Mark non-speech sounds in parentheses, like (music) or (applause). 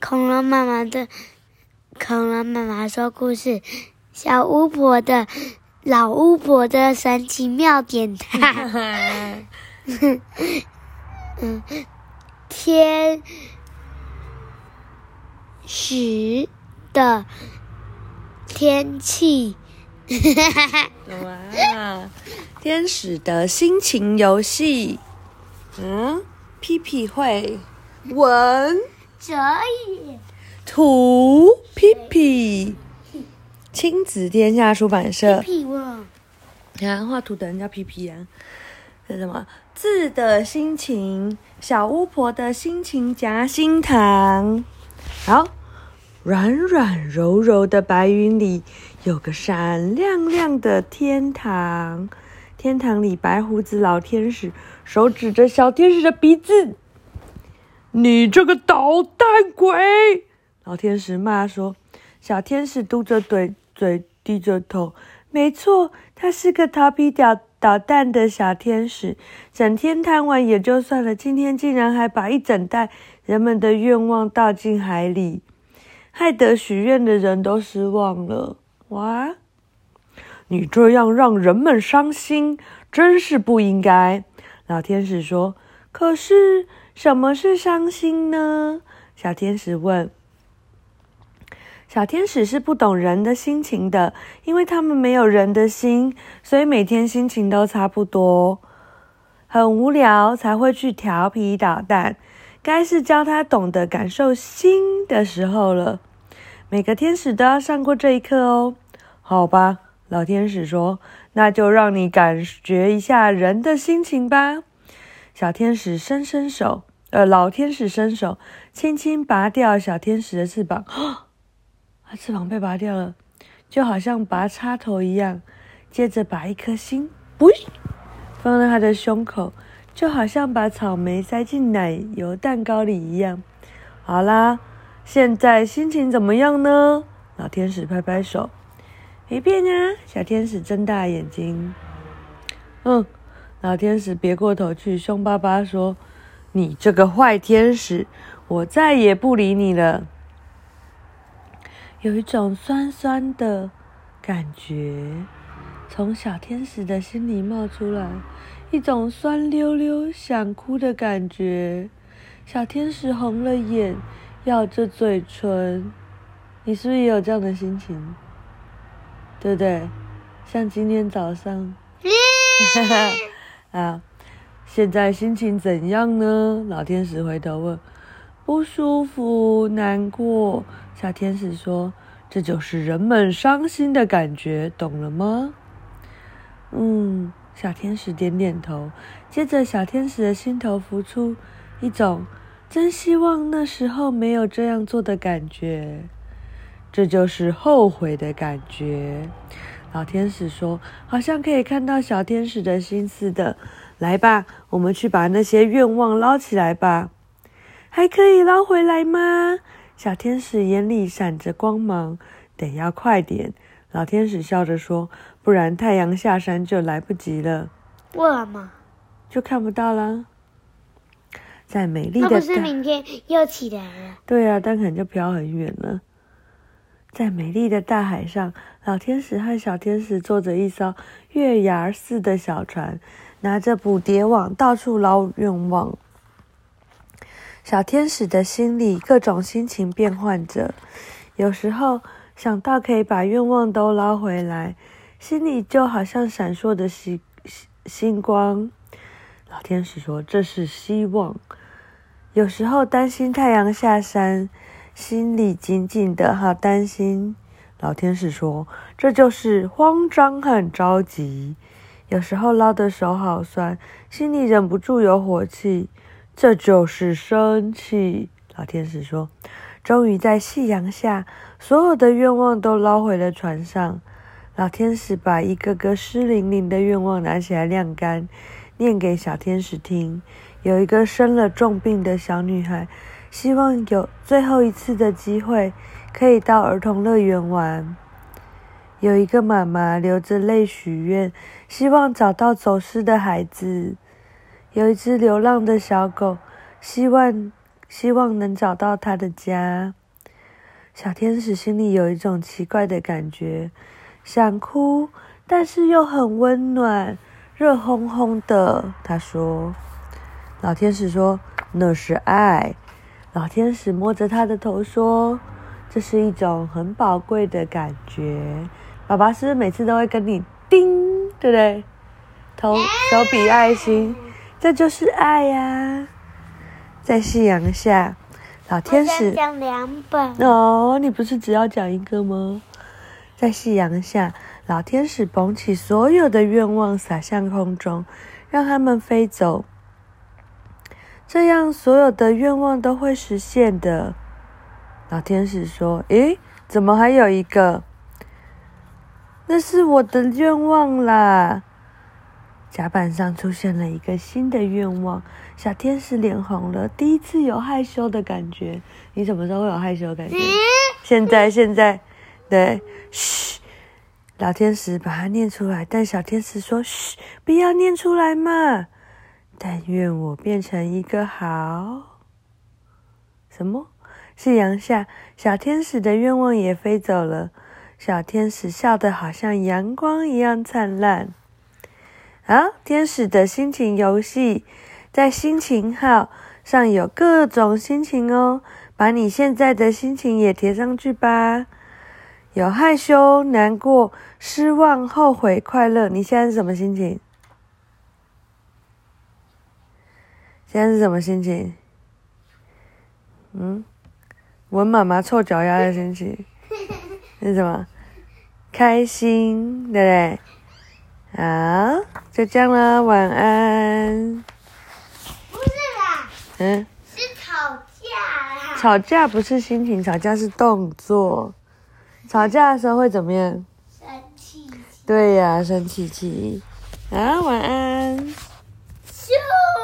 恐龍媽媽的恐龍媽媽說故事，小巫婆的，老巫婆的神奇妙點彈， (laughs) (laughs) 嗯，天使的天氣， (laughs) 哇，天使的心情遊戲，嗯，屁屁會聞。哲也，圖皮皮，親子天下出版社。皮皮，你看畫圖的人叫皮皮呀。是什麼？字的心情，小巫婆的心情夾心糖。好，軟軟柔柔的白雲裡，有個閃亮亮的天堂。天堂裡，白鬍子老天使手指着小天使的鼻子。你這個搗蛋鬼！老天使罵說：“小天使嘟着嘴，嘴低着頭。沒錯，他是個調皮搗搗蛋的小天使，整天貪玩也就算了，今天竟然還把一整袋人們的願望倒進海裡，害得許願的人都失望了。哇！你這樣讓人們傷心，真是不應該。”老天使說：“可是。”什麼是傷心呢？小天使問。小天使是不懂人的心情的，因為他們沒有人的心，所以每天心情都差不多，很無聊才會去調皮搗蛋。該是教他懂得感受心的時候了。每個天使都要上過這一課哦。好吧，老天使說，那就讓你感覺一下人的心情吧。小天使伸伸手。呃、老天使伸手，輕輕拔掉小天使的翅膀。啊、哦，翅膀被拔掉了，就好像拔插頭一樣。接着，把一顆心，呸，放在他的胸口，就好像把草莓塞進奶油蛋糕裡一樣。好啦，現在心情怎麼樣呢？老天使拍拍手，沒變呀！小天使睜大眼睛，嗯。老天使別過頭去，凶巴巴說：“你這個壞天使，我再也不理你了。”有一種酸酸的感覺從小天使的心裡冒出來，一種酸溜溜想哭的感覺。小天使紅了眼，咬着嘴唇。你是不是也有這樣的心情？對不對？像今天早上。 (laughs) (laughs) 現在心情怎樣呢？老天使回頭問。不舒服，難過。小天使說：“這就是人們傷心的感覺，懂了嗎？”嗯，小天使點點頭。接着，小天使的心頭浮出一種真希望那時候沒有這樣做的感覺，這就是後悔的感覺。老天使說：“好像可以看到小天使的心思的，來吧，我們去把那些願望撈起來吧。還可以撈回來嗎？”小天使眼裡閃着光芒，得要快點。老天使笑着說：“不然太陽下山就來不及了。”為什麼？就看不到了。在美麗的，那不是明天又起來了。對呀、啊，但可能就飄很遠了。在美麗的大海上，老天使和小天使坐着一艘月牙似的小船，拿着捕蝶網到處撈願望。小天使的心裡各種心情變換着，有時候想到可以把願望都撈回來，心裡就好像閃爍的星星星光。老天使說：“這是希望。”有時候擔心太陽下山。心裡緊緊的，好擔心。老天使說：“這就是慌張和着急。有時候撈得手好酸，心裡忍不住有火氣，這就是生氣。”老天使說：“終於在夕陽下，所有的願望都撈回了船上。老天使把一個個濕淋淋的願望拿起來晾乾，念給小天使聽。有一個生了重病的小女孩。”希望有最後一次的機會，可以到兒童樂園玩。有一個媽媽流着淚許願，希望找到走失的孩子。有一隻流浪的小狗，希望希望能找到它的家。小天使心裡有一種奇怪的感覺，想哭，但是又很溫暖，熱烘烘的。她說：“老天使說，那是愛。”老天使摸着他的頭說：“這是一種很寶貴的感覺。爸爸是不是每次都會跟你叮，對不對？頭，手比愛心，這就是愛呀、啊。”在夕陽下，老天使講兩本。哦，你不是只要講一個嗎？在夕陽下，老天使捧起所有的願望，灑向空中，讓他們飛走。這樣，所有的願望都會實現的。老天使說：“誒，怎麼還有一個？那是我的願望啦！”甲板上出現了一個新的願望，小天使臉紅了，第一次有害羞的感覺。你什麼時候會有害羞的感覺？嗯、現在，現在，對，噓，老天使把它念出來，但小天使說：“噓，不要念出來嘛。”但願我變成一個好。什麼？夕陽下，小天使的願望也飛走了，小天使笑得好像陽光一樣燦爛。啊，天使的心情遊戲，在心情號上有各種心情哦，把你現在的心情也貼上去吧。有害羞、難過、失望、後悔、快樂，你現在是什麼心情？今天是什麼心情？嗯，聞媽媽臭腳丫的心情？ (laughs) 那是什麼？開心，對不對？啊，就這樣啦。晚安。不是啦，嗯，是吵架啦。吵架不是心情，吵架是動作。吵架的時候會怎麼樣？生氣,氣。對呀、啊，生氣氣。啊，晚安。